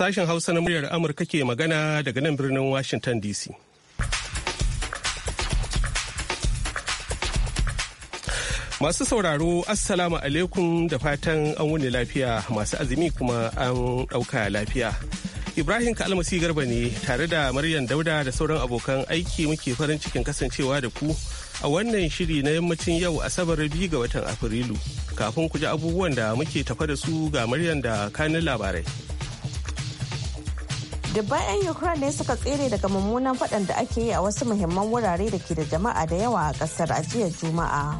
Sashen Hausa na muryar Amurka ke magana daga nan birnin Washington DC. Masu sauraro, Assalamu alaikum da fatan an wuni lafiya masu azumi kuma an ɗauka lafiya. Ibrahim Kalmasi Garba ne tare da Maryam Dauda da sauran abokan aiki muke farin cikin kasancewa da ku a wannan shiri na yammacin yau Asabar biyu ga watan Afrilu. Kafin ku ji abubuwan da muke tafa da su ga Maryam da kanin labarai. dubban 'yan ukraine ne suka tsere daga mummunan fadan da ake yi a wasu muhimman wurare da ke da jama'a da yawa a kasar a jiya juma'a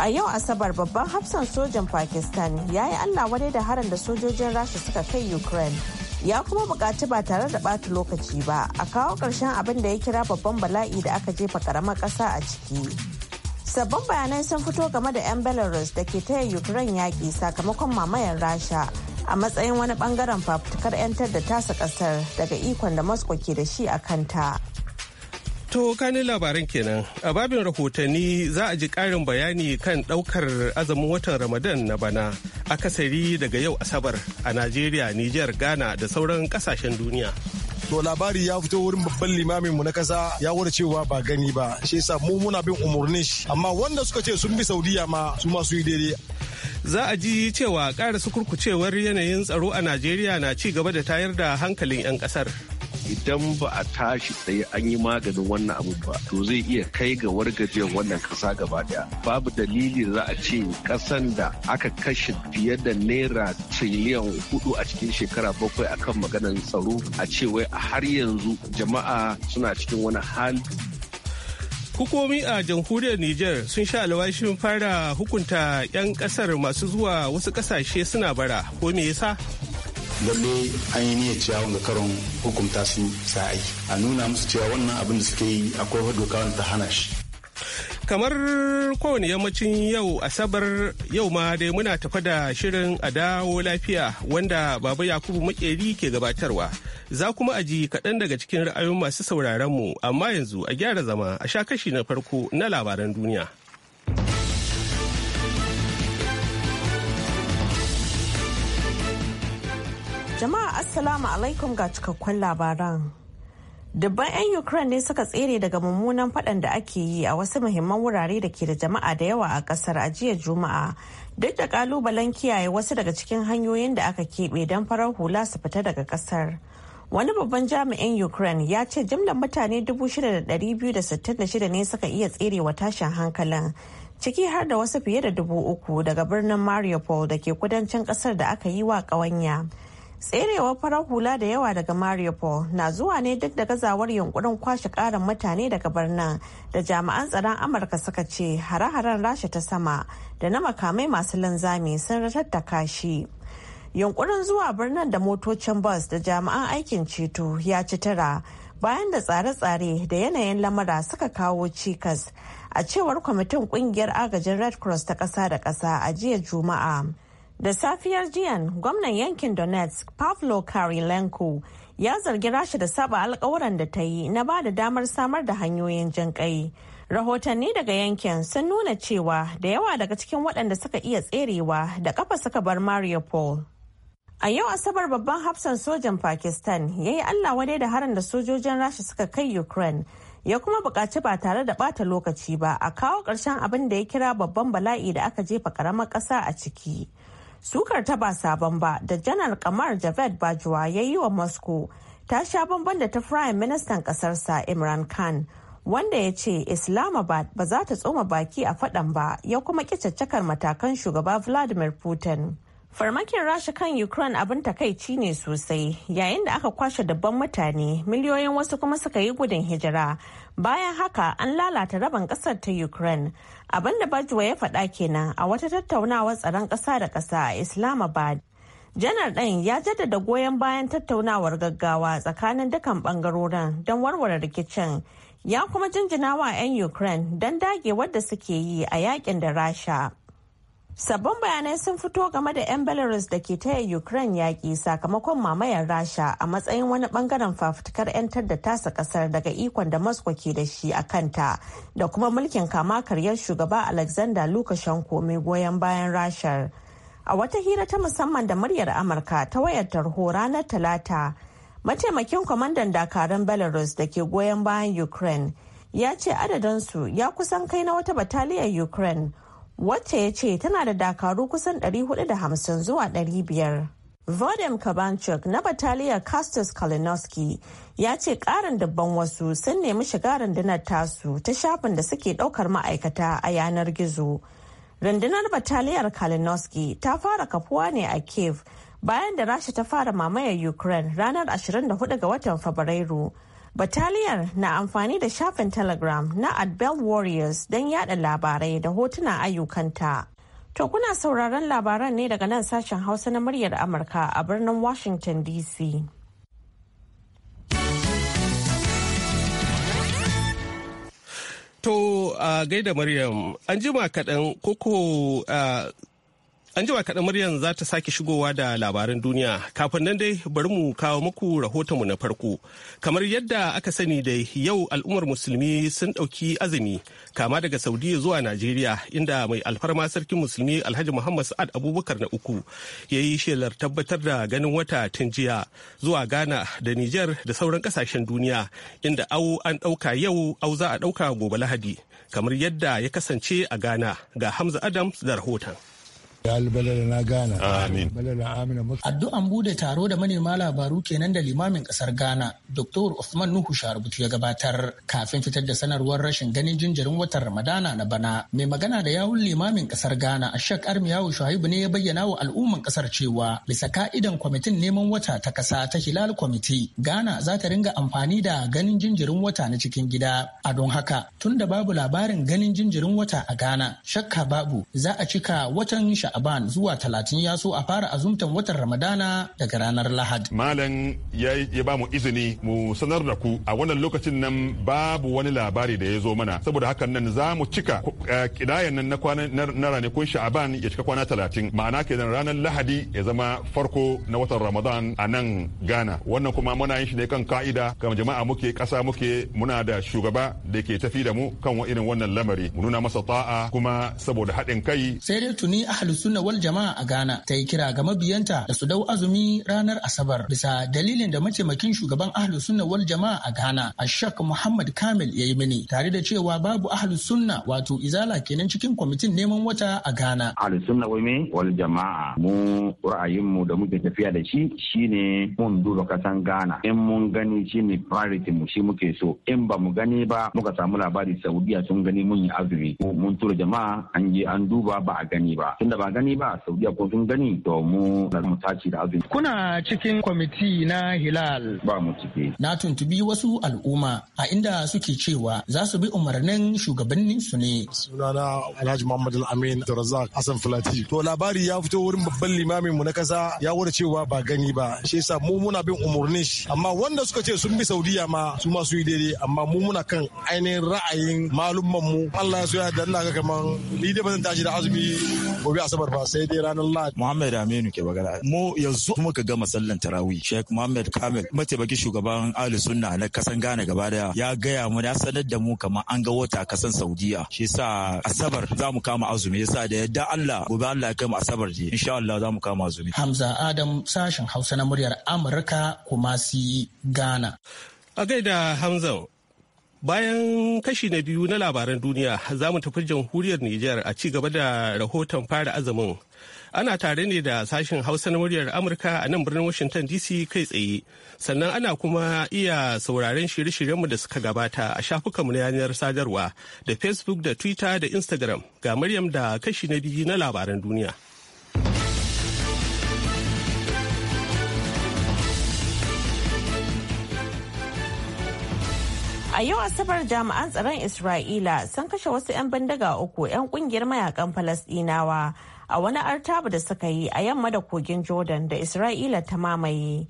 a yau asabar babban hafsan sojan pakistan ya yi allah wadai da harin da sojojin rasha suka kai ukraine ya kuma bukaci ba tare da ɓata lokaci ba a kawo karshen abin da ya kira babban bala'i da aka jefa karamar ƙasa a ciki sabbin bayanai sun fito game da 'yan belarus da ke taya ukraine yaƙi sakamakon mamayar rasha a matsayin wani bangaren fafutukar 'yantar da tasa kasar daga ikon da moscow ke da shi a kanta To kani labaran kenan a babin rahotanni za a ji karin bayani kan daukar azumin watan Ramadan na bana akasari daga yau Asabar a Najeriya, Nijar, Ghana da sauran kasashen duniya. to labari ya fito wurin babban limamin mu na kasa ya wuce cewa ba gani ba shi yasa mu muna bin umurnin shi amma wanda suka ce sun bi saudiya ma su ma su yi daidai za a ji cewa ƙara sukurkucewar yanayin tsaro a najeriya na ci gaba da tayar da hankalin 'yan ƙasar idan ba a tashi tsaye an yi maganin wannan abu ba to zai iya kai ga wargajiyar wannan kasa gaba daya babu dalili za a ce kasan da aka kashe fiye da naira triliyan hudu a cikin shekara bakwai akan maganar tsaro a ce wai har yanzu jama'a suna cikin wani hali Hukumomi a jamhuriyar Nijar sun sha alwashin fara hukunta 'yan kasar masu zuwa wasu kasashe suna bara ko me yasa? lalle an yi niyyar cewa ga karon hukunta su sa'ai a nuna musu cewa wannan abin da suke yi akwai doka wani ta hana shi kamar kowane yammacin yau asabar yau ma dai muna tafa da shirin a dawo lafiya wanda baba yakubu makeri ke gabatarwa za kuma aji kaɗan daga cikin ra'ayoyin masu sauraron mu amma yanzu a gyara zama a sha kashi na farko na labaran duniya Jama'a Assalamu alaikum ga cikakkun labaran. Dubban 'yan Ukraine ne suka tsere daga mummunan faɗan da ake yi a wasu muhimman wurare da ke da jama'a da yawa a ƙasar a jiya Juma'a duk da ƙalubalen kiyaye wasu daga cikin hanyoyin da aka keɓe don farar hula su fita daga ƙasar. Wani babban jami'in Ukraine ya ce jimlar mutane 6,266 ne suka iya tsere wa tashin hankalin ciki har da wasu fiye da dubu uku daga birnin Mariupol da ke kudancin ƙasar da aka yi wa ƙawanya. tserewar farar hula da yawa daga mariupol na zuwa ne duk da gazawar yunkurin kwashe karin mutane daga birnin da jami'an tsaron amurka suka ce hare-haren rasha ta sama da na makamai masu linzami sun ratattaka shi yunkurin zuwa birnin da motocin bus da jami'an aikin ceto ya ci tara bayan da tsare-tsare da yanayin lamura suka kawo cikas a cewar kwamitin kungiyar agajin red cross ta kasa da kasa a jiya juma'a Da safiyar jiyan gwamnan yankin Donetsk Pavlo Karilenko ya zargi rasha da saba alkawuran da ta yi na ba da damar samar da hanyoyin jin kai. Rahotanni daga yankin sun nuna cewa da yawa daga cikin waɗanda suka iya tserewa da kafa suka bar Mariupol. A yau Asabar babban hafsan sojan Pakistan ya yi Allah wadai da harin da sojojin Rasha suka kai Ukraine ya kuma buƙaci ba tare da ɓata lokaci ba a kawo ƙarshen abin da ya kira babban bala'i da aka jefa ƙaramar ƙasa a ciki. sukar ta ba sabon ba da janar kamar javed bajuwa ya yi wa moscow ta sha bamban da ta firayim ministan kasarsa imran khan wanda ya ce islamabad ba za ta tsoma baki a fadan ba ya kuma ƙi matakan shugaba vladimir putin Farmakin Rasha kan Ukraine abin takaici ne sosai yayin da aka kwashe dabban mutane miliyoyin wasu kuma suka yi gudun hijira. Bayan haka an lalata rabin kasar ta Ukraine. Abin da Bajwa ya faɗa kenan a wata tattaunawar tsaron ƙasa da ƙasa a Islamabad. Janar ɗin ya jaddada goyon bayan tattaunawar gaggawa tsakanin dukkan ɓangarorin don warware rikicin. Ya kuma jinjina wa 'yan Ukraine don dage wadda suke yi a yakin da Rasha. Sabbin bayanai sun fito game da 'yan Belarus da ke taya Ukraine yaƙi sakamakon mamayar Rasha a matsayin wani bangaren fafutukar 'yantar da tasa ƙasar daga ikon da Moscow ke da shi a kanta da kuma mulkin kama karyar shugaba Alexander Lukashenko mai goyon bayan Rashar. A wata hira ta musamman da muryar Amurka ta wayar tarho ranar Talata, mataimakin kwamandan dakarun Belarus da ke goyon bayan Ukraine ya ce adadinsu ya kusan kai na wata bataliyar Ukraine wacce ya ce tana da dakaru kusan 450 zuwa 500. Vodem Kabanchuk na bataliyar Castus Kalinowski ya ce karin dabban wasu sun nemi shiga rundunar tasu ta shafin da suke daukar ma'aikata a yanar gizo. Rundunar bataliyar Kalinowski ta fara kafuwa ne a Kiev bayan da Rasha ta fara mamayar Ukraine ranar 24 ga watan Fabrairu. Bataliyar na amfani da shafin Telegram na Adbel Warriors don yada labarai da hotuna ayyukanta. To kuna sauraron labaran ne daga nan sashen Hausa na muryar Amurka a birnin Washington DC. To a gaida Maryam, an jima kaɗan koko An jima kaɗan muryan za ta sake shigowa da labaran duniya. Kafin nan dai bari mu kawo muku mu na farko. Kamar yadda aka sani da yau al'ummar musulmi sun ɗauki azumi kama daga Saudiya zuwa Najeriya inda mai alfarma sarkin musulmi Alhaji Muhammad Sa'ad Abubakar na uku ya yi shelar tabbatar da ganin wata tun jiya zuwa Ghana da Nijar da sauran ƙasashen duniya inda au an ɗauka yau au za a ɗauka gobe Lahadi kamar yadda ya kasance a Ghana ga Hamza Adams da rahoton. ya albalala na Ghana. Amin. Addu'an bude taro da manema labaru kenan da limamin kasar Ghana, Dr. Usman Nuhu sharbutu ya gabatar kafin fitar da sanarwar rashin ganin jinjirin watan Ramadana na bana. Mai magana da yawun limamin kasar Ghana, Ashak Armiyawu Shuaibu ne ya bayyana wa al'umman kasar cewa bisa ka'idan kwamitin neman wata ta kasa ta Hilal Kwamiti, Ghana za ta ringa amfani da ganin jinjirin wata na cikin gida. A don haka, tunda babu labarin ganin jinjirin wata a Ghana, shakka babu za a cika watan sha sha'aban zuwa talatin ya so a fara azumtan watan ramadana daga ranar lahad malam ya ba mu izini mu sanar da ku a wannan lokacin nan babu wani labari da ya zo mana saboda hakan nan za mu cika eh, kidayan nan na kwanan na ranakun sha'aban ya cika kwana talatin ma'ana kenan ranar lahadi ya zama farko na watan ramadan a nan ghana wannan kuma muna yin shi ne kan ka'ida kan jama'a muke kasa muke muna da shugaba da ke tafi da mu kan irin wannan lamari mu nuna masa ta'a kuma saboda haɗin kai sai dai tuni ahlus sunna wal jama'a a Ghana ta yi kira ga mabiyanta da su dau azumi ranar Asabar bisa dalilin da mataimakin shugaban ahlu sunna wal jama'a a Ghana Ashak Muhammad Kamil ya yi mini tare da cewa babu ahlu sunna wato izala kenan cikin kwamitin neman wata a Ghana. Ahlu sunna wai wal jama'a mu ra'ayinmu da muke tafiya da shi shine mun duba kasan Ghana in mun gani shine priority mu shi muke so in ba mu gani ba muka samu labari Saudiya sun gani mun yi azumi mun tura jama'a an je an duba ba a gani ba tunda ba gani ba saudiya ko sun gani domin na mu tashi da azumi kuna cikin kwamiti na hilal ba mu ciki na tuntubi wasu al'umma a inda suke cewa za su bi umarnin shugabannin su ne sunana alhaji muhammad al-amin da razak hassan fulati to labari ya fito wurin babban limamin mu na kasa ya wada cewa ba gani ba shi yasa mu muna bin umarnin shi amma wanda suka ce sun bi saudiya ma su ma su yi daidai amma mu muna kan ainihin ra'ayin malumman mu Allah ya so ya danna ga kaman ni dai ba tashi da azumi gobe asabar asabar ba sai dai ranar lahadi muhammad aminu ke magana mu yanzu kuma ka ga masallan tarawih sheikh muhammad kamil mataimakin shugaban ali sunna na kasan ghana gaba daya ya gaya mu ya sanar da mu kamar an ga wata kasan saudiya shi yasa asabar za mu kama azumi yasa da yadda allah gobe allah ya kama asabar je insha allah za mu kama azumi hamza adam sashen hausa na muryar amurka kuma si ghana a gaida hamza Bayan kashi na biyu na labaran duniya za mu tafi jamhuriyar Nijar a ci gaba da rahoton fara azumin. Ana tare ne da sashen Hausa na muryar Amurka a nan birnin Washington DC kai tsaye. Sannan ana kuma iya sauraren shirye-shiryenmu da suka gabata a shafukanmu na yanar sadarwa da Facebook da Twitter da Instagram ga Maryam da kashi na biyu na labaran duniya. yau Asabar jami'an tsaron Isra'ila sun kashe wasu 'yan bindiga uku 'yan kungiyar mayakan Falasdinawa a wani artabu da suka yi a yamma da kogin Jordan da Isra'ila ta mamaye.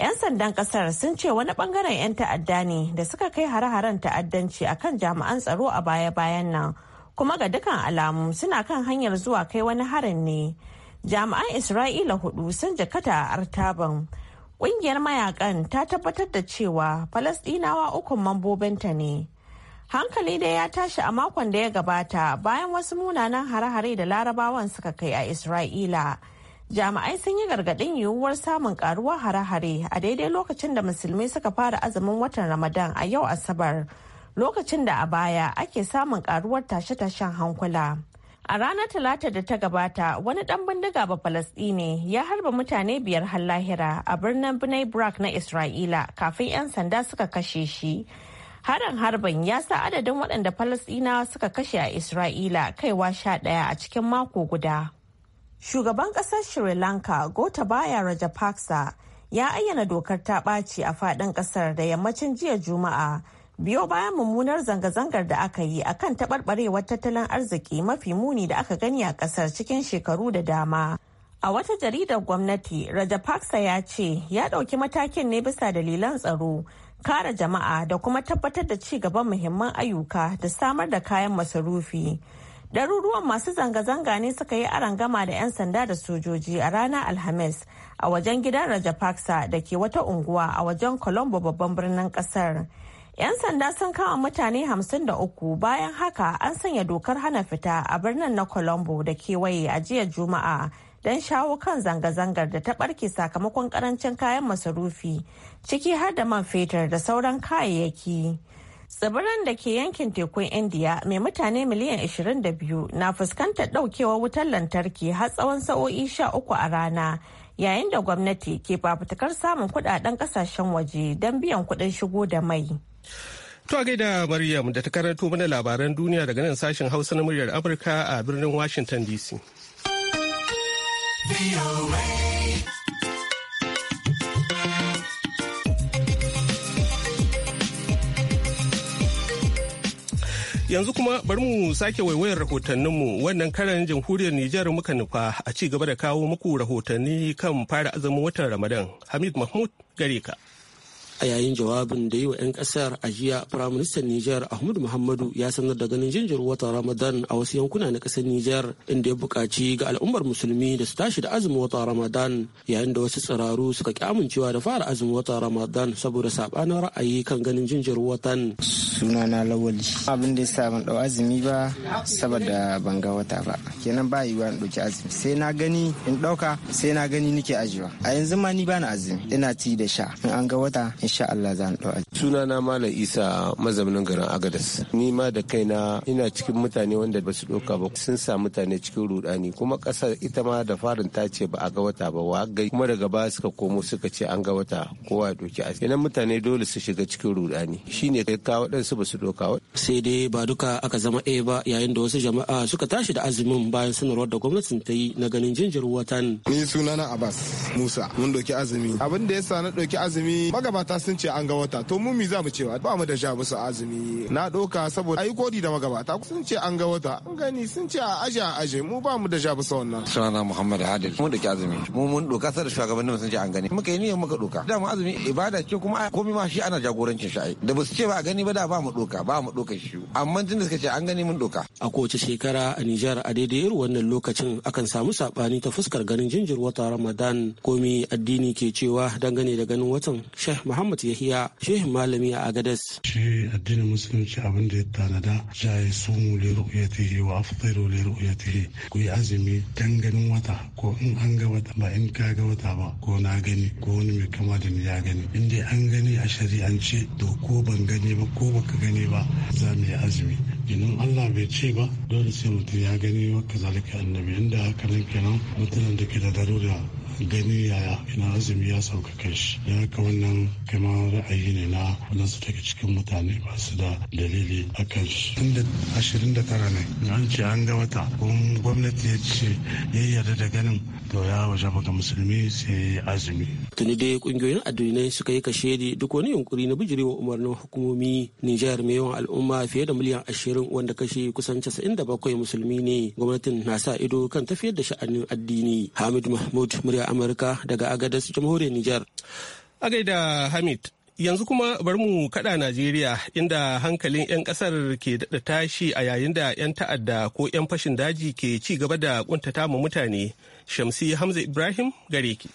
'Yan sandan kasar sun ce wani bangaren 'yan ta'adda ne da suka kai hare-haren ta'addanci a kan jami'an tsaro a baya-bayan nan kuma ga dukkan alamu suna kan hanyar zuwa kai wani harin ne. Jami'an Isra'ila hudu sun jakata a artaban. Ƙungiyar mayakan ta tabbatar da cewa Falasɗinawa ukun mambobinta ne. Hankali dai ya tashi a makon da ya gabata bayan wasu munanan hare-hare da larabawan suka kai a Isra'ila. Jami'ai sun yi gargadin yiwuwar samun karuwar hare-hare a daidai lokacin da musulmi suka fara azumin watan Ramadan a yau Asabar, lokacin da a baya ake samun karuwar tashe-tashen hankula. A ranar Talata da ta gabata, wani ɗan bindiga ba Falasɗine ya harba mutane biyar har lahira a birnin Bnei Brak na Isra'ila kafin 'yan sanda suka kashe shi. Harin harbin ya sa adadin waɗanda Falasɗina suka kashe a Isra'ila kaiwa sha ɗaya a cikin mako guda. Shugaban ƙasar Sri Lanka Raja Paksa ya ayyana dokar ta ɓaci a faɗin ƙasar da yammacin jiya Juma'a. biyo bayan mummunar zanga-zangar da aka yi a kan taɓarɓarewar tattalin arziki mafi muni da aka gani a ƙasar cikin shekaru da dama. A wata jaridar gwamnati, Rajapaksa ya ce ya ɗauki matakin ne bisa dalilan tsaro, kare jama'a da kuma tabbatar da ci gaban muhimman ayyuka da samar da kayan masarufi. Ɗaruruwan masu zanga-zanga ne suka yi arangama da 'yan sanda da sojoji a ranar Alhamis a wajen gidan Rajapaksa da ke wata unguwa a wajen Colombo babban birnin ƙasar. 'Yan sanda sun kama mutane 53 bayan haka an sanya dokar hana fita a birnin na Colombo da kewaye a jiya Juma'a don shawo kan zanga-zangar da ta barke sakamakon karancin kayan masarufi ciki har da man fetur da sauran kayayyaki. Tsibirin da ke yankin tekun Indiya mai mutane miliyan 22 na fuskantar daukewar wutar lantarki har tsawon sa'o'i 13 a rana. yayin da gwamnati ke fafutukar samun kudaden kasashen waje don biyan kudin shigo da mai. To a gaida Maryam da ta karanto mana labaran duniya daga nan sashen Hausa na muryar Amurka a birnin Washington DC. Yanzu kuma bari mu sake waiwayar rahotanninmu wannan karan jamhuriyar Nijar muka nufa a ci gaba da kawo muku rahotanni kan fara azumin watan Ramadan. Hamid Mahmud gare ka. a yayin jawabin da yi wa 'yan kasar a jiya firaministan nijar ahmad muhammadu ya sanar da ganin jinjir wata ramadan a wasu yankuna na kasar nijar inda ya buƙaci ga al'ummar musulmi da su tashi da azumin wata ramadan yayin da wasu tsiraru suka ki amincewa da fara azumin wata ramadan saboda sabanin ra'ayi kan ganin jinjir watan sunana lawali abin da yasa ban dau azumi ba saboda ban ga wata ba kenan ba yiwa in ɗauki azumi sai na gani in ɗauka. sai na gani nake ajiwa a yanzu ma ni bana azumi ina ci da sha in an ga wata in insha Allah za ɗau Suna na Malam Isa mazaunin garin Agadas. Ni ma da kaina ina cikin mutane wanda ba su ɗauka ba sun sa mutane cikin rudani kuma ƙasa ita ma da farin ta ce ba a ga wata ba wa gai kuma daga ba suka komo suka ce an ga wata kowa doki a Idan mutane dole su shiga cikin rudani shine kai ka waɗansu ba su ɗauka. Sai dai ba duka aka zama ɗaya ba yayin da wasu jama'a suka tashi da azumin bayan sanarwar da gwamnatin ta yi na ganin jinjir watan. Ni sunana Abbas Musa mun doki azumi abin da yasa na doki azumi magabata sun ce an ga wata to mu mi za mu cewa ba mu da sha musu azumi na doka saboda ayi kodi da magabata sun ce an ga wata an gani sun ce a aje a aje mu ba mu da sha musu wannan sunana muhammad adil mu da azumi mu mun doka sai da shugabannin sun ce an gani muka yi niyyar muka doka da mu azumi ibada ce kuma komai ma shi ana jagorancin shi da ba su ce ba a gani ba da ba mu doka ba mu doka shi amma tun da suka ce an gani mun doka a kowace shekara a Nijar a daidai irin wannan lokacin akan samu sabani ta fuskar ganin jinjir wata Ramadan komai addini ke cewa dangane da ganin watan Sheikh Muhammad Muhammad Yahiya shehin malami a Agadas. Shi addinin musulunci abin da ya tanada ja ya sumu li ru'yatihi wa afṭiru li ru'yatihi ku yi azumi dan ganin wata ko in an ga wata ba in ka ga wata ba ko na gani ko wani mai kama da ni ya gani in dai an gani a shari'ance to ko ban gani ba ko baka gani ba za mu yi azumi idan Allah bai ce ba dole sai mutum ya gani wa kazalika annabi inda haka nan kenan mutanen da ke da darura gani yaya ina azumi ya sauka kashi da haka wannan kama ra'ayi ne na wadansu daga cikin mutane masu da dalili a kan shi. Inda ashirin da tara ne an ce an ga wata kun gwamnati ya ce ya yarda da ganin to ya waje ga musulmi sai azumi. Tuni dai kungiyoyin addinai suka yi kashe di duk wani yunkuri na bijirewa umarnin hukumomi Nijar mai yawan al'umma fiye da miliyan ashirin wanda kashi kusan casa'in da bakwai musulmi ne gwamnatin na sa ido kan tafiyar da sha'anin addini. Hamid Mahmud murya Amurka daga Agadez jamhuriyar Nijar. A gaida Hamid, yanzu kuma bar mu kada Najeriya inda hankalin 'yan kasar ke daɗa tashi a yayin da 'yan ta'adda ko 'yan fashin daji ke ci gaba da kuntata ma mutane. Shamsi Hamza Ibrahim gare ki.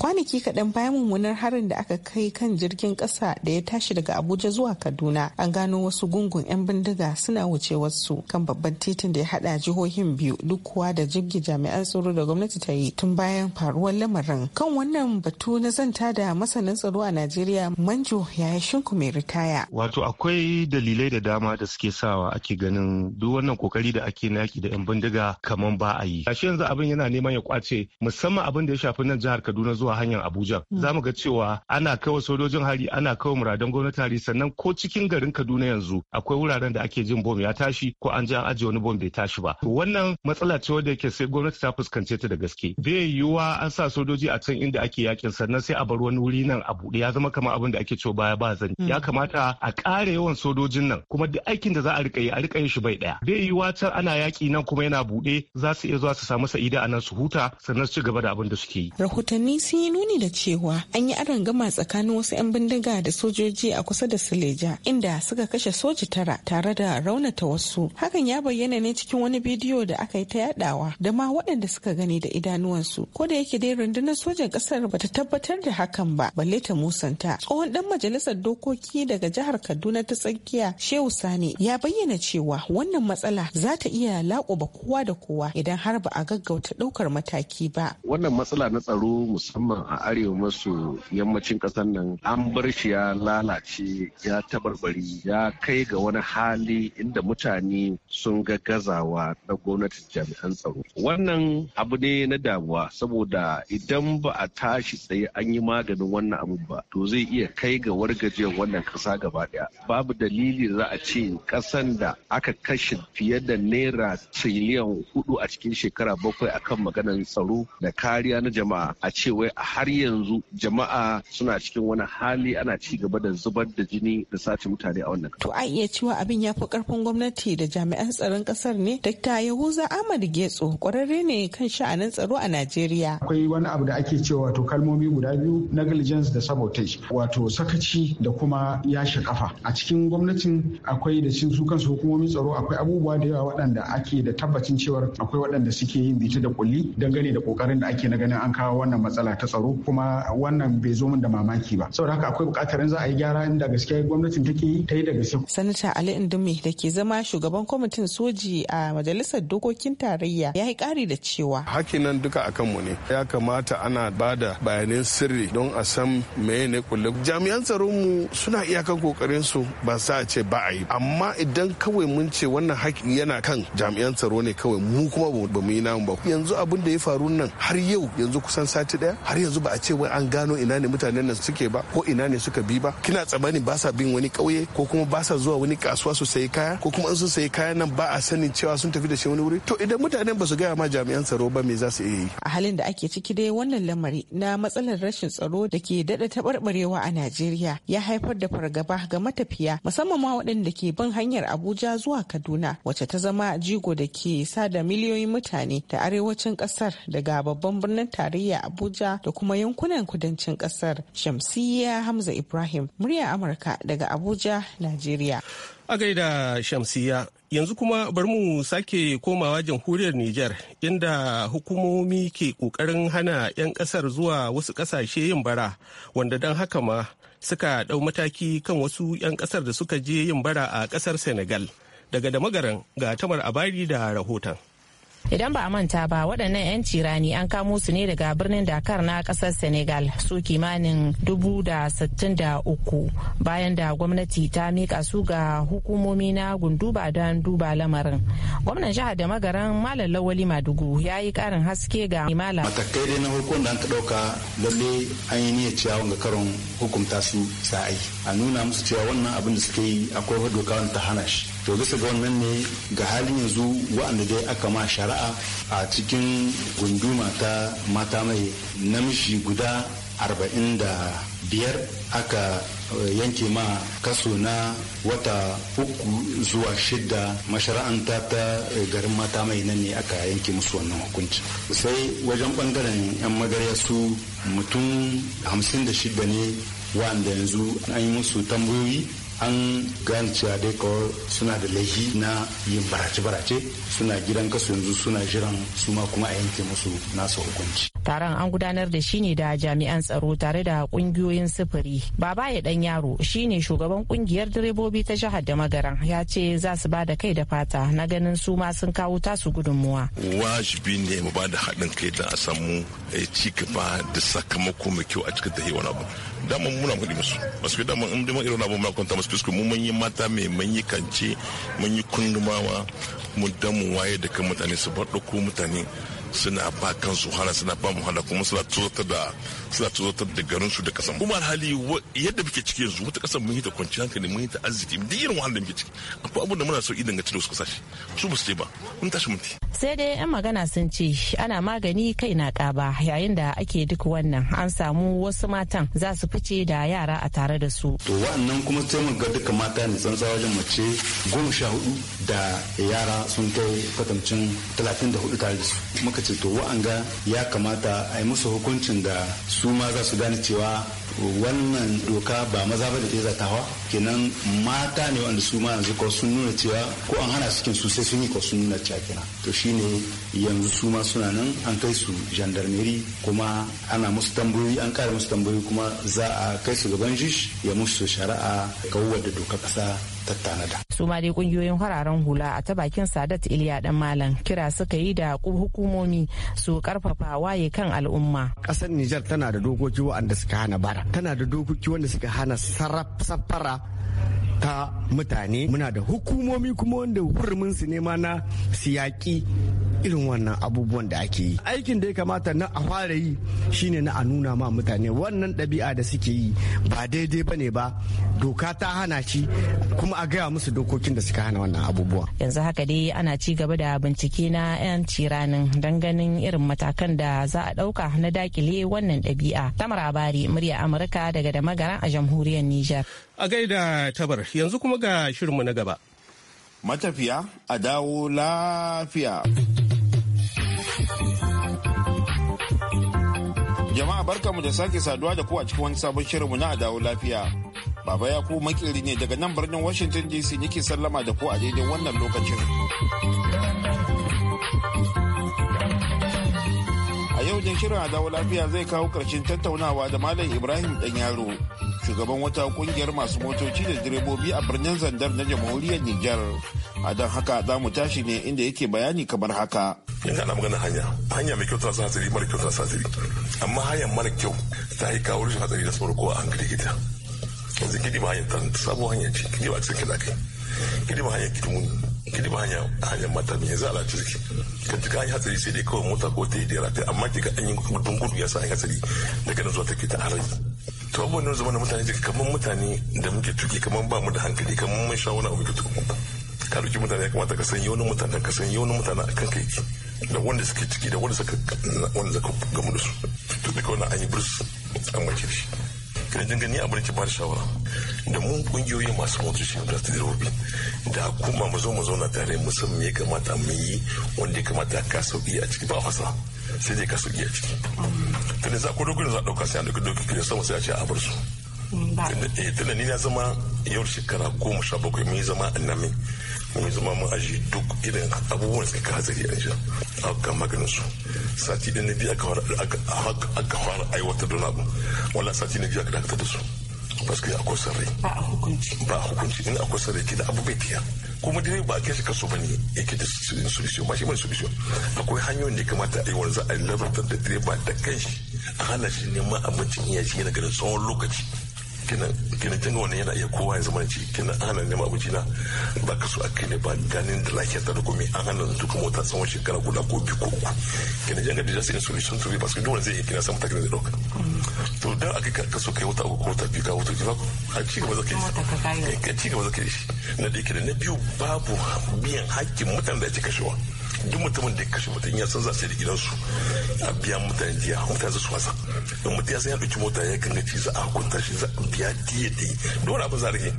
kwanaki kaɗan bayan mummunar harin da aka kai kan jirgin ƙasa da ya tashi daga abuja zuwa kaduna an gano wasu gungun 'yan bindiga suna wuce wasu kan babban titin da ya haɗa jihohin biyu duk kuwa da jirgi jami'an tsaro da gwamnati ta yi tun bayan faruwar lamarin kan wannan batu na zanta da masanin tsaro a najeriya manjo ya yi shinku mai ritaya wato akwai dalilai da dama da suke sawa ake ganin duk wannan kokari da ake naki da 'yan bindiga kamar ba a yi yanzu abin yana neman ya kwace musamman abin da ya shafi nan jihar kaduna zuwa zuwa hanyar abuja hmm. za mu ga cewa ana kawo sojojin hari ana kawo muradan gwamnati hari sannan ko cikin garin kaduna yanzu akwai wuraren da ake jin bom ya tashi ko an ji an ajiye wani bom bai tashi ba wannan matsala ce wadda yake sai gwamnati ta fuskance ta da gaske bai yiwuwa an sa sojoji a can inda ake yakin sannan sai a bar wani wuri nan a buɗe ya zama kamar abin da ake cewa baya ba zani hmm. ya kamata a ƙara yawan sojojin nan kuma duk aikin da za a riƙa yi a riƙa yin shi bai ɗaya bai yiwuwa can ana yaƙi nan kuma yana buɗe za su iya zuwa su samu sa'ida a nan su huta sannan su ci gaba da abin da suke yi rahotanni sun yi nuni da cewa an yi aron gama tsakanin wasu 'yan bindiga da sojoji a kusa da Suleja inda suka kashe soji tara tare da raunata wasu. Hakan ya bayyana ne cikin wani bidiyo da aka yi ta yadawa da ma waɗanda suka gani da idanuwansu. Ko da yake dai rundunar sojan ƙasar bata tabbatar da hakan ba balle ta musanta. Tsohon dan majalisar dokoki daga jihar Kaduna ta tsakiya Shehu Sani ya bayyana cewa wannan matsala za ta iya laƙuba kowa da kowa idan har ba a gaggauta ɗaukar mataki ba. Wannan matsala na tsaro musamman musamman a arewa maso yammacin ƙasar nan an bar shi ya lalace ya tabarbari ya kai ga wani hali inda mutane sun ga gazawa na gwamnatin jami'an tsaro wannan abu ne na damuwa saboda idan ba a tashi tsaye an yi maganin wannan abu ba to zai iya kai ga wargajiyar wannan ƙasa gaba daya. babu dalili za a ce kasan da aka kashe fiye da naira triliyan hudu a cikin shekara bakwai akan maganar tsaro da kariya na jama'a a ce wai a har yanzu jama'a suna cikin wani hali ana ci gaba da zubar da jini da sace mutane a wannan to a iya cewa abin ya fi karfin gwamnati da jami'an tsaron kasar ne dakta yahuza ahmad getso kwararre ne kan sha'anin tsaro a najeriya akwai wani abu da ake cewa wato kalmomi guda biyu negligence da sabotage wato sakaci da kuma yashe kafa a cikin gwamnatin akwai da cin su kansu hukumomin tsaro akwai abubuwa da yawa waɗanda ake da tabbacin cewa akwai waɗanda suke yin bita da kulli dangane da kokarin da ake na ganin an kawo wannan matsala ta tsaro kuma wannan bai zo min da mamaki ba saboda haka akwai bukatar za a yi gyara inda gaskiya gwamnatin take ta yi da gaske sanata ali indumi da ke zama shugaban kwamitin soji a majalisar dokokin tarayya ya yi ƙari da cewa nan duka akan mu ne ya kamata ana ba da bayanan sirri don a san meye ne kullum jami'an tsaron mu suna iyakan kokarin su ba sa a ce ba a yi amma idan kawai mun ce wannan hakki yana kan jami'an tsaro ne kawai mu kuma ba mu yi namu ba yanzu abin da ya faru nan har yau yanzu kusan sati daya har yanzu ba a ce wai an gano ina ne mutanen nan suke ba ko ina ne suka bi ba kina tsammanin ba sa bin wani kauye ko kuma ba sa zuwa wani kasuwa su sayi kaya ko kuma in su sayi kaya nan ba a sanin cewa sun tafi da shi wani wuri to idan mutanen ba su gaya ma jami'an tsaro ba me za su iya yi a halin da ake ciki dai wannan lamari na matsalar rashin tsaro da ke daɗa taɓarɓarewa a Najeriya ya haifar da fargaba ga matafiya musamman ma waɗanda ke bin hanyar Abuja zuwa Kaduna wace ta zama jigo da ke sada miliyoyin mutane da arewacin kasar daga babban birnin tarayya Abuja da kuma yankunan kudancin kasar shamsiyya hamza ibrahim murya amurka daga abuja najeriya a gaida shamsiya yanzu kuma bari mu sake komawa jamhuriyar niger inda hukumomi ke kokarin hana 'yan kasar zuwa wasu kasashe yin bara wanda don haka ma suka ɗau mataki kan wasu 'yan kasar da suka je yin bara a kasar senegal daga da magaran ga tamar abari da rahoton idan ba a manta ba waɗannan 'yan cirani an kamo su ne daga birnin dakar na ƙasar senegal su kimanin dubu da sittin da bayan da gwamnati ta mika su ga hukumomi na gunduba don duba lamarin gwamnan jihar da magaran malam lawali madugu ya yi ƙarin haske ga imala matakai dai na hukun da an ta ɗauka lalle an yi niyyar ciyawan ga karon hukunta su sa'ai a nuna musu cewa wannan abin da suke yi akwai doka ta hana shi to bisa ga wannan ne ga halin yanzu wa'anda dai aka ma shari'a a cikin gunduma ta mata mai namiji guda arba'in da biyar aka eh, yanke ma kaso na wata uku zuwa shida mashara'anta ta eh, garin mata mai nan ne aka yanke musu wannan hukunci sai wajen bangaren 'yan magarya su mutum hamsin da shida ne wa'anda yanzu an yi musu tambayoyi an gan cewa dai kawai suna da laifi na yin barace-barace suna gidan kasu yanzu suna jiran su ma kuma a yanke musu nasu hukunci. Taron an gudanar da shi ne da jami'an tsaro tare da kungiyoyin sufuri. Baba ya dan yaro shine shugaban kungiyar direbobi ta jihar da magaran ya ce za su ba da kai da fata na ganin su ma sun kawo tasu gudunmuwa. Wajibi ne mu ba da haɗin kai da a samu eh, ci gaba da sakamako mai kyau a cikin tahiyar wani abu. Daman muna kuɗi musu. Basu daman in dama irin abu muna kwanta musu fisku mu mun yi mata mai mun yi kance mun yi kundumawa mu dan mu waye da kan mutane su bar mutane suna ba kansu hana suna ba mu hana kuma suna tsotar da suna zo da garin su da kasan kuma hali yadda muke ciki yanzu wata kasan mun yi ta kwanciyar hankali mun yi ta arziki duk irin wahalar da muke ciki akwai abin da muna so idan ga da wasu kasashe su ba su ce ba mun tashi mun sai dai yan magana sun ce ana magani kai na kaba yayin da ake duk wannan an samu wasu matan za su fice da yara a tare da su to wa'annan kuma sai mun ga duka mata ne tsantsa wajen mace goma sha hudu da yara sun kai katamcin talatin da hudu tare da su muka ce to wa'anga ya kamata a yi musu hukuncin da su su ma za su gane cewa wannan doka ba maza ba da ke zatawa kenan mata ne wanda su ma yanzu ko sun nuna cewa ko an hana su su sai sun yi ko sun nuna cewa kenan to shine yanzu su ma suna nan an kai su jandarmeri kuma ana musu tambayoyi an kara musu tambayoyi kuma za a kai su gaban jish ya musu shari'a kawuwar da doka kasa tattanada. su ma dai kungiyoyin fararen hula a ta bakin sadat iliya dan malam kira suka yi da hukumomi su karfafa waye kan al'umma kasar nijar tana da dokoki waɗanda suka hana bara tana da dokoki wanda suka hana sarrafa safara ta mutane muna da hukumomi kuma wanda hurumin su nema na siyaki irin wannan abubuwan da ake yi aikin da ya kamata na a fara yi shine na a nuna ma mutane wannan ɗabi'a da suke yi ba daidai bane ba doka ta hana shi kuma a gaya musu dokokin da suka hana wannan abubuwa yanzu haka dai ana ci gaba da bincike na 'yan ciranin don ganin irin matakan da za a ɗauka na dakile wannan ɗabi'a tamar abari murya amurka daga da magaran a jamhuriyar niger A gaida tabar yanzu kuma ga shirinmu na gaba. Matafiya a dawo lafiya. Jama'a barkamu da sake saduwa da ku a cikin wani sabon shirinmu na a dawo lafiya. Baba ya ku makiri ne daga nan birnin Washington DC nake sallama da ku a daidai wannan lokacin. A yau ne shirin a dawo lafiya zai kawo ƙarshen tattaunawa da Malam Ibrahim Ɗanyaro. yaro. shugaban wata kungiyar masu motoci da direbobi a birnin zandar na jamhuriyar Nijar. A don haka za mu tashi ne inda yake bayani kamar haka. In ana magana hanya, hanya mai kyau tana sa hatsari mara kyau tana sa hatsari. Amma hanya mara kyau ta yi kawo rashin hatsari da sauran kowa a hankali gida. Yanzu gidi ba hanya ta sabo hanya ce, gidi ba a cikin kai. Gidi ba hanya kitimuni, gidi ba hanya hanya mata mai yanzu ala ciki. Ka ji hanyar hatsari sai dai kawai mota ko ta yi da ta amma ga an yi gudun gudu ya sa hanya hatsari daga nan zuwa ta ke ta arziki. to abubuwan da zama na mutane da kamar mutane da muke tuki kamar ba mu da hankali kamar mun sha wani abu muke tuki ka duki mutane ya kamata ka san yawan mutane ka san yawan mutane akan kai da wanda suke ciki da wanda suka wanda suka gamu da su to duka wannan an yi burus an mace shi kan jin gani abin da ba da shawara da mun kungiyoyi masu motoci da su direbobi da kuma mu zo mu zauna tare musamman ya kamata mu yi wanda ya kamata ka sauki a ciki ba fasa sai dai ka sauki a ciki tunda za ku dokokin za a ɗauka sai an dauki dokokin da sama sai a ce a bar su eh, tunda ni na zama yau shekara goma sha bakwai mun yi zama annami mun yi zama mun aji duk irin abubuwan da ka hatsari a nisha a kan maganin su sati ɗin na biyu aka fara aiwatar da abu wala sati na biyu aka dakatar da su paske akwai sarrai ba a hukunci a in akwai sarrai abu bai tiya kuma dai ba a kai shi kaso bane yake da solution ba shi mai solution akwai hanyoyin da kamata a yi wanzu za a lalatar da direba da kanshi a hana shi neman abincin iya shi na ganin tsawon lokaci kenan kenan kin ga yana iya kowa ya zama ci kenan an hana neman abinci na ba ka so a kai ne ba ganin da lafiya ta da komai an hana zuwa duka mota tsawon shekara guda ko biyu ko uku kenan jan gadi sai solution to be parce que dole zai yi kina samun takin da dauka to dan aka ka so kai wata uku ko wata biyu ka wata ko a ci gaba zaka yi eh, ka ci gaba zaka yi na dai kenan na biyu babu biyan hakkin mutane da ya ci kashewa duk mutumin da ya kashe mutum ya san za su da gidansu a biya mutane jiya mutane su wasa in mutum ya san ya ɗauki mota ya kan gaci za a hukunta shi za a biya diya yi dole abin za a rage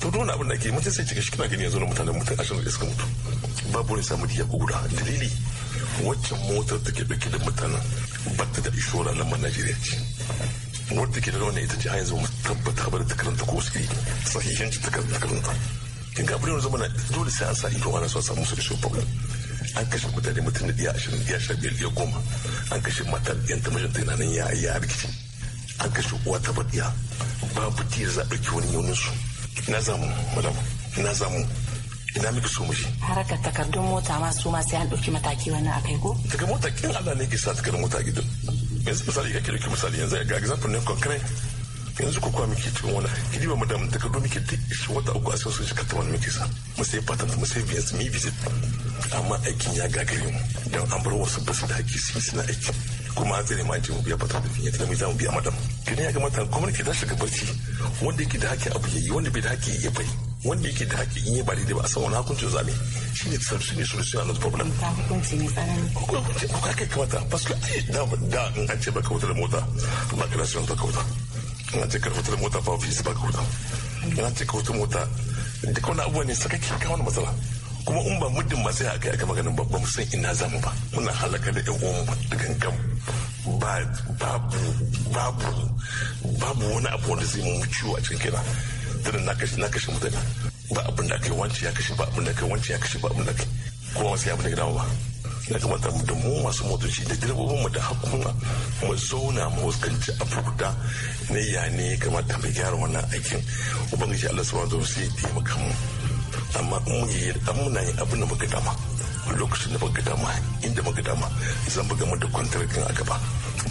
to dole abin da ke mutum sai cika shi kana gani yanzu da mutane mutum ashirin da suka mutu babu wani samu diya ko guda dalili waccan motar take ɗauke da mutanen ba ta da ishora ma najeriya ce wadda ke da rauni ita ce yanzu mu tabbata ba da ta karanta ko sai sahihin ta karanta kin ga abin da zama dole sai an sa ido ana so a samu su da shi problem an kashe mutane mutum da ashirin iya sha biyar iya goma an kashe matar yan ta mashin tunanin ya ya rikici an kashe uwa ta baɗiya babu tiyar zaɓe a wani yaunin su ina zamu madam ina zamu ina miki so mishi harkar takardun mota ma su ma sai an ɗauki mataki a kai ko daga mota kin Allah ne ke sa takardun mota gidan yanzu misali kira ki misali yanzu ga example ne konkret yanzu ko kwa miki cikin wani kidi ba madam takardun muke duk wata uku a cikin sun shi wani miki sa mu sai fatan mu sai biyan su mi visit amma aikin ya gagare mu don an bar wasu basu da haƙƙi su suna aiki kuma an tsere ma mu biya fata da fiye da za mu biya madam kenan ya ne ke ta shiga barci wanda yake da haƙƙi abu yayi wanda bai da haƙƙi ya bai wanda yake da haƙƙi in ya bari da ba a san wani hukuncin zabe shi ne tsar shi ne solution not problem hukunci ne tsanani hukunci ko kai kamata paske ai da da in an ce baka da mota ba ka rashin ka wuta in an ce ka da mota ba ofis baka wuta in an ce ka wuta mota duk wani abubuwa ne saka kan wani matsala kuma in ba muddin ba sai kai aka maganin ba mu san ina zamu ba muna halaka da yan uwan da gangan ba babu babu babu wani abu wanda zai mu ciwo a cikin kira tunda na kashe na kashe mutane ba abin da kai wanci ya kashe ba abin da kai wanci ya kashe ba abin da kai kuma wasu ya bude gidan ba ya kamata mu da mu masu motoci da direbobin mu da hakuna mu zauna mu fuskanci afirka na ya ne kamata mu gyara wannan aikin ubangiji Allah subhanahu wa ta'ala sai ya taimaka mu amma in mun yi an muna yin abin da muka dama lokacin da muka dama inda muka dama zan buga mata da a gaba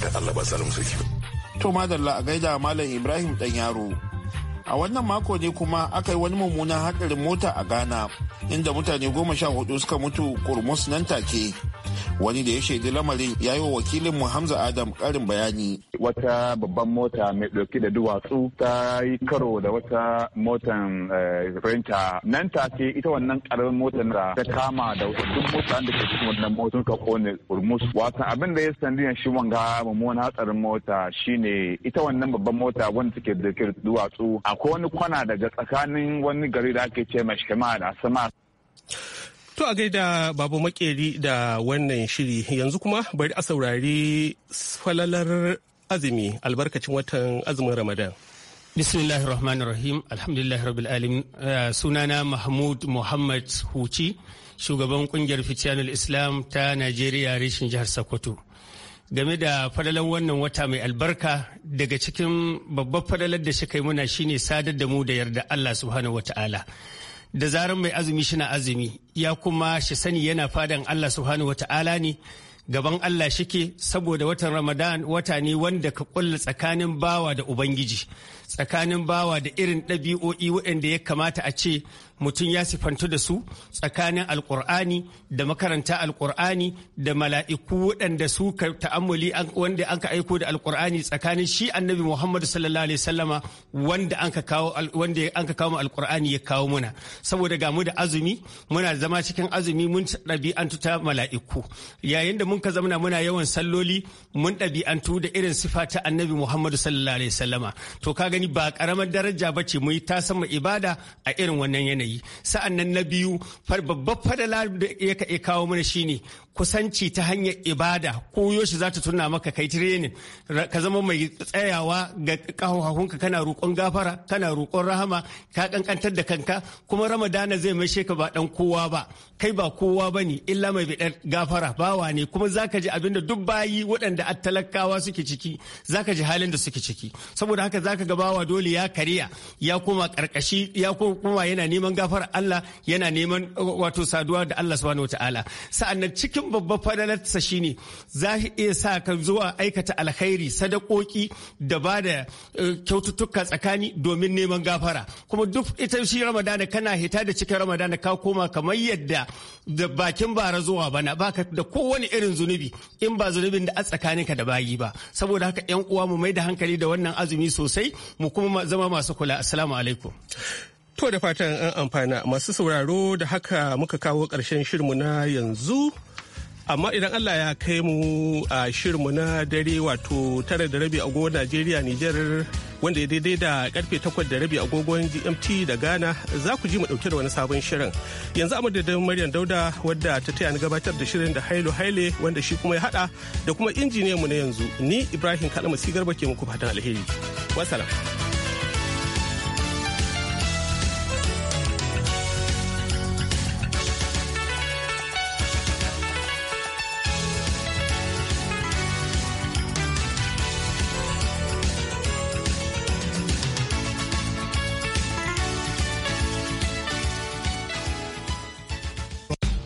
da Allah ba sanin sarki ba. To madalla a gaida Malam Ibrahim dan yaro. A wannan mako ne kuma aka yi wani mummunan hadarin mota a Ghana inda mutane goma sha hudu suka mutu kurmus nan take wani da ya shaidi lamarin ya yi wa wakilin mu hamza adam karin bayani wata babban mota mai dauke da duwatsu ta yi karo da wata motan eh, renta nan ta take ita wannan karamin motan da ta kama da duk mutane da ke cikin wannan motan ka kone urmus wasan abin da ya sandiya shi wanga mummunan hatsarin mota shine ita wannan babban mota wanda take da duwatsu akwai wani kwana daga tsakanin wani gari da ake ce mai da sama To a gaida babu makeri da wannan shiri yanzu kuma bari a saurari falalar azumi albarkacin watan azumin Ramadan. Bismillahir Rahmanir Rahim Alhamdulillahi Rabbil Alamin eh, sunana Mahmud Muhammad Huci shugaban kungiyar Fitiyanul Islam ta Najeriya rishin jihar Sokoto. Game da fadalan wannan wata mai albarka daga cikin babbar fadalar da shi kai muna shine sadar da mu da yarda Allah subhanahu wataala. da zarar mai azumi shina azumi ya kuma shi sani yana fadan Allah subhanahu wata'ala ne gaban Allah shike saboda watan Ramadan wata ne wanda ka kulla tsakanin bawa da Ubangiji tsakanin bawa da irin ɗabi'o'i waɗanda ya kamata a ce mutum ya sifantu da su tsakanin alkur'ani da makaranta alkur'ani da mala'iku waɗanda su ka ta'ammuli wanda an ka aiko da alkur'ani tsakanin shi annabi muhammadu sallallahu alaihi sallama wanda an kawo wanda an ka kawo alkur'ani ya kawo muna saboda ga mu da azumi muna zama cikin azumi mun ɗabi'antu ta mala'iku yayin da mun ka zamana muna yawan salloli mun ɗabi'antu da irin sifa ta annabi muhammadu sallallahu alaihi sallama to ka gani gani ba karamar daraja ba ce muyi ta sama ibada a irin wannan yanayi sa'an nan na biyu babbar fadala da ya kawo mana shine kusanci ta hanyar ibada koyo shi za ta tuna maka kai training ka zama mai tsayawa ga kahuhahunka kana roƙon gafara kana roƙon rahama ka kankantar da kanka kuma ramadana zai mai ka ba dan kowa ba kai ba kowa ba ne illa mai bidar gafara bawa ne kuma za ka ji abinda duk bayi waɗanda talakawa suke ciki za ka ji halin da suke ciki saboda haka za ka gaba bawa dole ya kariya ya koma karkashi ya koma yana neman gafar Allah yana neman wato saduwa da Allah subhanahu wataala sa'annan cikin babban fadalarsa shine za shi iya sa ka zuwa aikata alkhairi sadakoki da ba da eh, kyaututtuka tsakani domin neman gafara kuma duk ita shi ramadana kana hita da cikin ramadana ka koma kamar yadda da bakin bara zuwa bana baka da kowane irin zunubi in ba zunubin da a tsakaninka da bayi ba saboda haka yan uwa mu mai da hankali da wannan azumi sosai mu kuma zama masu kula assalamu alaikum to da fatan an amfana masu sauraro da haka muka kawo ƙarshen shirmu na yanzu amma idan allah ya kai mu a shirinmu na dare wato tara da rabi agogo najeriya nijar wanda ya daidai da karfe takwas da rabi agogon gmt da ghana za ku ji mu dauke da wani sabon shirin yanzu amma da maryam dauda wadda ta taya ni gabatar da shirin da hailu haile wanda shi kuma ya hada da kuma injiniyan mu na yanzu ni ibrahim kalama garba ke muku fatan alheri wassalam